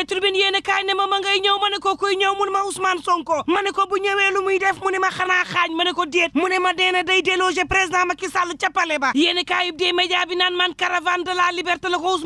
ñëwee tribune yéen a kaay ne ma ma ngay ñëw ma ne ko kuy ñëw mu ne ma Ousmane Sonko ma ne ko bu ñëwee lu muy def mu ne ma xanaa xaañ ma ne ko déet mu ne ma deena day déloger président ma Sall ca palais ba yéen a kaayub dee média bi naan man caravane de la liberté la ko tu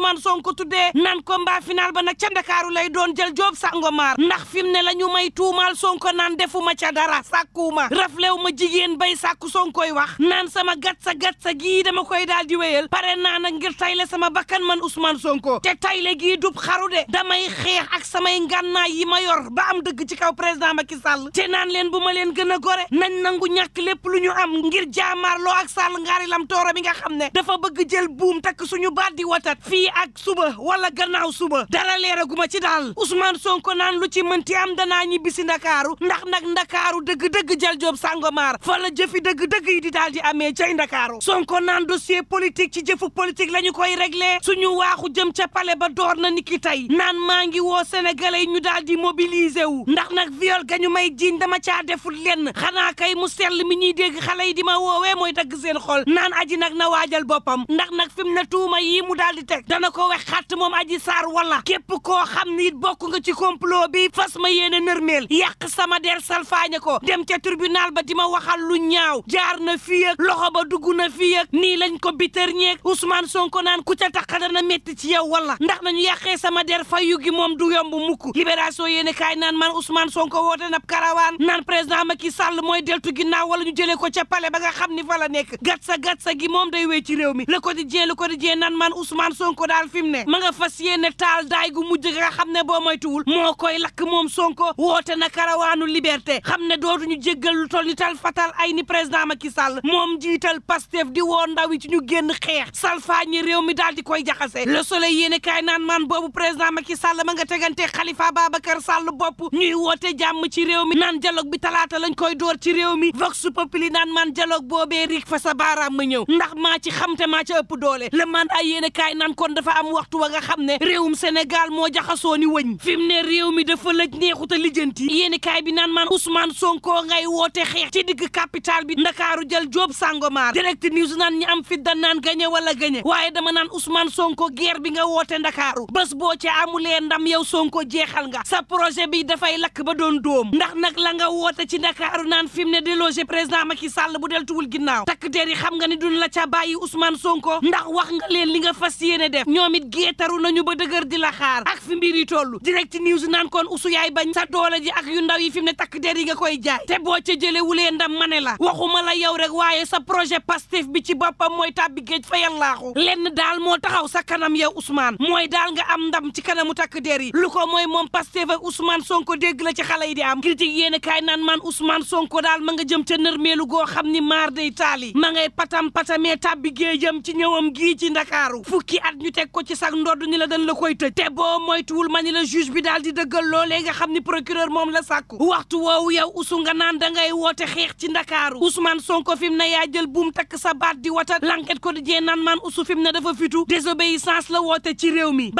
dee tuddee naan combat final ba nag ca Ndakaaru lay doon jël Joob Sangomar ndax fi mu ne la ñu may tuumaal Sonko naan defuma ca ma sàkkuuma raflew ma jigéen bay sàkku Sonkoy wax naan sama gat sa gat sa gii dama koy daal di wéyal pare naa nag ngir tayle sama bakkan man Ousmane Sonko te tayle gii dub xaru de damay xeex ak samay ngànnaay yi ma yor ba am dëgg ci kaw président Macky Sall te naan leen bu ma leen gën a gore nañ nangu ñàkk lépp lu ñu am ngir jaamaarloo ak Sall ngaari lam toora bi nga xam ne dafa bëgg jël buum takk suñu baat di watat fii ak suba wala gannaaw suba dara leeraguma ci daal Ousmane Sonko naan lu ci mënti am danaa ñibbi si Ndakaaru ndax nag Ndakaaru dëgg-dëgg jël joob Sangomar fa la jëfi dëgg-dëgg yi di daal di amee cay Ndakaaru Sonko naan dossier politique ci jëfu politique la ñu koy réglé suñu waaxu jëm ca palais ba door na niki tey ngi woo sénégalais ñu daal di mobiliser wu ndax nag viol ga ñu may jiiñ dama caa deful lenn xanaa kay mu sell mi ñu dégg xale yi di ma woowee mooy dagg seen xol naan aji nag na waajal boppam ndax nag fi na ne tuuma yii mu daal di teg dana ko wex xatt moom aji saar wala képp ko xam ni bokk nga ci complot bi fas ma yéene nërmeel yàq sama der salfaañe ko dem ca tribunal ba di ma waxal lu ñaaw jaar na fii ak loxo ba dugg na fii ak nii lañ ko bitër ñeeg Ousmane Sonko naan ku ca tax dana métti ci yow wala ndax nañu moom du yomb mukk libération yéene kaay naan man Ousmane Sonko woote nab karawaan naan président Macky Sall ko ca palais ba nga xam ni fa la nekk gat moom réew mi le quotidien le quotidien naan man Ousmane Sonko daal fi mu ne moo koy lakk moom Sonko woote na karawaanu liberté xam ne dootuñu jéggal lu tol ni tal fatal ay ni président Macky Sall moom jiital Pastef di woo ndaw yi ci ñu génn xeex salfaañi réew mi daal di koy jaxase le soleil yéene kaay naan man boobu président Macky Sall nga tegante Khalifa Babacar Sall bopp ñuy woote jàmm ci réew mi naan dialogue bi talaata lañ koy door ci réew mi vox populi naan man dialogue boobee rik fa sa baaraam ma ñëw ndax maa ci xam te maa ci ëpp doole le mandat yéene kaay naan kon dafa am waxtu wa nga xam ne réewum senegal moo jaxasoo ni wëñ fi ne réew mi dafa lëj neexuta lijjanti yéene kaay bi naan man Ousmane Sonko ngay woote xeex ci digg capital bi Ndakaaru jël Joob Sangomar direct news naan ñi am fit da naan wala gañe waaye dama naan Ousmane Sonko guerre bi nga woote Ndakaaru bés boo ci amulee am yow Sonko jeexal nga sa projet bi dafay lakk ba doon dóom nag la nga woote ci Ndakaaru naan fi mu ne déloger président Macky Sall bu del ginnaaw takk der yi xam nga ni duñ la ca bàyyi Ousmane Sonko ndax wax nga leen li nga fas yéene def ñoomit it geetaru nañu ba dëgër di la xaar ak fi mbir yi toll direct news naan kon usu yaay bañ sa doole ji ak yu ndaw yi fi mu ne takk der yi nga koy jaay te boo ca jële wulee ndam ma ne la waxuma la yow rek waaye sa projet Pastef bi ci boppam mooy tàbbi géej fa yallaaxu lenn daal moo taxaw sa kanam yow Ousmane mooy daal nga am ndam ci kanamu takk der yi lu ko mooy moom Pastef ak Ousmane Sonko dégg la ci xale di am critique yéen kaay naan man Ousmane Sonko daal ma nga jëm ca nërmeelu goo xam ni maar day taali ma ngay patam patamee tàbbi géejam ci ñëwam gii ci ndakaaru fukki at ñu teg ko ci sag du ni la dañ la koy tëj te boo moytuwul ma ni la juge bi daal di dëggal loole ga xam ni procureur moom la sàkku waxtu woowu yow usu nga naan da ngay woote xeex ci ndakaaru Ousmane Sonko fi mu ne yaa jël buum takk sa baat di watat l'enquête ko di jee naan man usu fi mu ne dafa fitu désobéissance la woote ci réew mi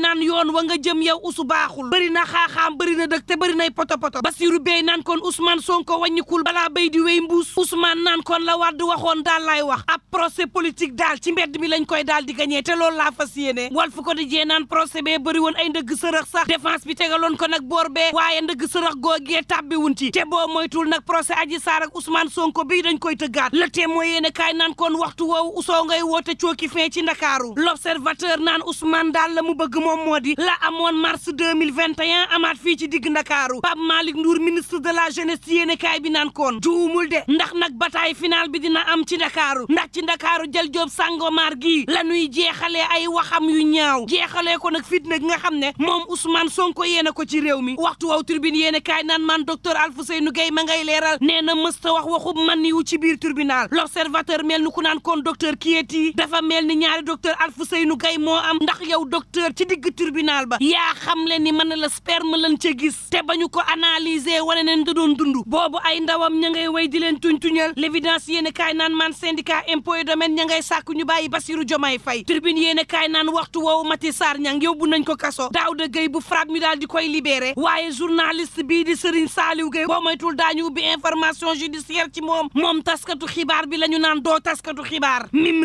naan yoon wa nga jëm yow usu baaxul bëri na xaaxaam bëri na dëkk te bëri nay poto poto Basiru Bey naan kon Ousmane Sonko wàññikul balaa béy di wéy mbuus Ousmane naan kon la Wàdd waxoon daal laay wax ab procès politique daal ci mbedd mi lañ koy daal di gañee te lool la fas yéene Walf Quotidien naan procès bee bëri woon ay ndëgg sërëx sax défense bi tegaloon ko nag boor bee waaye ndëgg sërëx googee tàbbiwun ci te boo moytul nag procès Adji Sarr ak Ousmane Sonko bii dañ koy tëggaat Le Témoin yéene kaay naan kon waxtu woowu usoo ngay woote cooki fin ci Ndakaaru L'Observateur naan Ousmane daal la mu bëgg moom moo di la amoon mars 2021 amaat fii ci digg ndakaaru Pape Malick Ndour ministre de la jeunesse yéene kaay bi naan koon juumul de ndax nag bataille finale bi dina am ci ndakaaru ndax ci ndakaaru jël joob sàngomaar gii la nuy jeexalee ay waxam yu ñaaw jeexalee ko nag fitna gi nga xam ne moom Ousmane Sonko yéene ko ci réew mi waxtu waaw tribune yéene kaay naan man docteur Alfousseynou Gueye ma ngay leeral nee na mësta wax waxu man yu ci biir tribunal l'observateur mel ni ku naan kon docteur Kieti dafa mel ni ñaari docteur Alfousseynou Gueye moo am ndax digg tribunal ba yaa xam le ni mën la sperme lan ca te ba ko analyser wane ne da doon boobu ay ndawam ña ngay way tuñ-tuñal l'évidence yéen kaay naan man syndicat impôt et domaine ña ñu bàyyi Bassirou Diomaye Faye tribune yéen kaay naan waxtu woowu Mati Sarr ñang yóbbu nañ ko kaso Daouda Gueye bu frappe ñu di koy libéré waaye journaliste bii di Serigne Saliou Gueye boo moytul daañu ubbi information judiciaire ci moom moom taskatu xibaar la ñu naan doo taskatu xibaar mim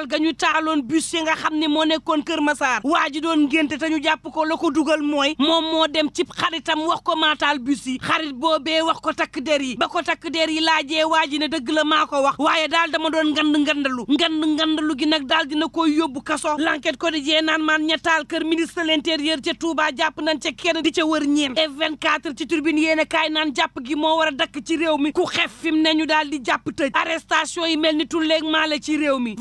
taal ga ñu taaloon bus yi nga xam ni moo nekkoon Kër Masaar waa ji doon ngénte te jàpp ko la ko dugal mooy moom moo dem ci xaritam wax ko maataal taal bus yi xarit boobee wax ko takk der yi ba ko takk der yi laajee waa ji ne dëgg la maa ko wax waaye daal dama doon ngand ngandalu ngand ngandalu gi nag daal dina koy yóbbu kaso lanket ko di jee naan maan ña taal kër ministre de ce ca jàpp nañ ca kenn di ca wër ñeen F24 ci turbine yéen a kaay naan jàpp gi moo war a dakk ci réew mi ku xef fi mu ne ñu daal di jàpp arrestation yi mel ni tulleeg maa ci réew mi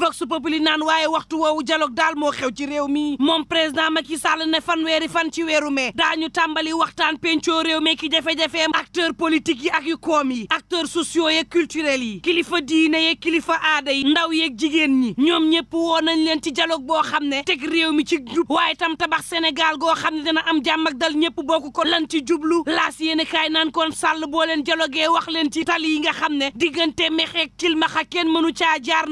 li naan waaye waxtu woowu dialogue daal moo xew ci réew mi moom président Macky Sall ne fan weeri fan ci weeru mai daañu tàmbali waxtaan penco réew mi ki jafe-jafeem acteur politique yi ak yu koom yi acteur socio yeeg culturels yi kilifa diine yeeg kilifa aada yi ndaw yeeg jigéen ñi ñoom ñëpp woo nañ leen ci dialogue boo xam ne teg réew mi ci jub waaye tam tabax Sénégal goo xam ne dina am jàmm dal ñëpp bokk ko lan ci jublu laas yéen kaay naan kon sàll boo leen dialogué wax leen ci tali yi nga xam ne diggante mexeeg kilmaxa kenn mënu caa jaar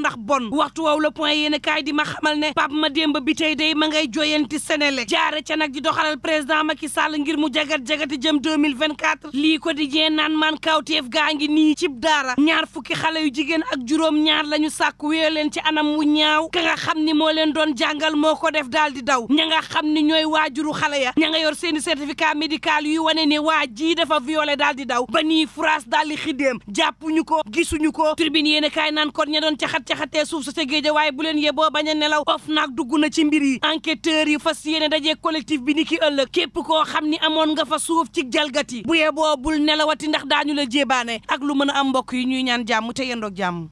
témoin yéen kaay di ma xamal ne Pape Mademba bi tey day ma ngay joyanti Senelec jaare ca nag di doxalal président Macky Sall ngir mu jagat-jagati jëm 2024 lii ko di jeen naan maan kawteef gaa ngi nii cib daara ñaar fukki xale yu jigéen ak juróom ñaar lañu sàkk wéyo leen ci anam wu ñaaw ka nga xam ni moo leen doon jàngal moo ko def daal di daw ña nga xam ni ñooy waajuru xale ya ña nga yor seeni certificat médical yuy wane ni waa jii dafa violé daal di daw ba nii France daal di xiddeem jàppuñu ko gisuñu ko tribune yéen kaay naan kon ña doon caxat-caxatee suuf sa ca géej waaye bu leen yeboo bañ a nelaw OFNAC dugg na ci mbir yi enquêteurs yi fas yéene dajee collectif bi ni ki ëllëg képp koo xam ni amoon nga fa suuf ci jalgati bu yeboo bul nelawati ndax daañu la jébaane ak lu mën a am mbokk yi ñuy ñaan jàmm te yendoog jàmm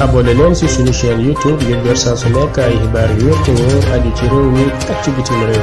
abonné leen ci suñu chaîne youtube ngir jot saa su nekk ay xibaar yu wér te wóor aju ci réew mi ak ci bitim réew